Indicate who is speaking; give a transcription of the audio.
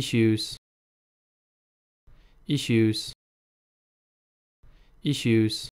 Speaker 1: issues issues issues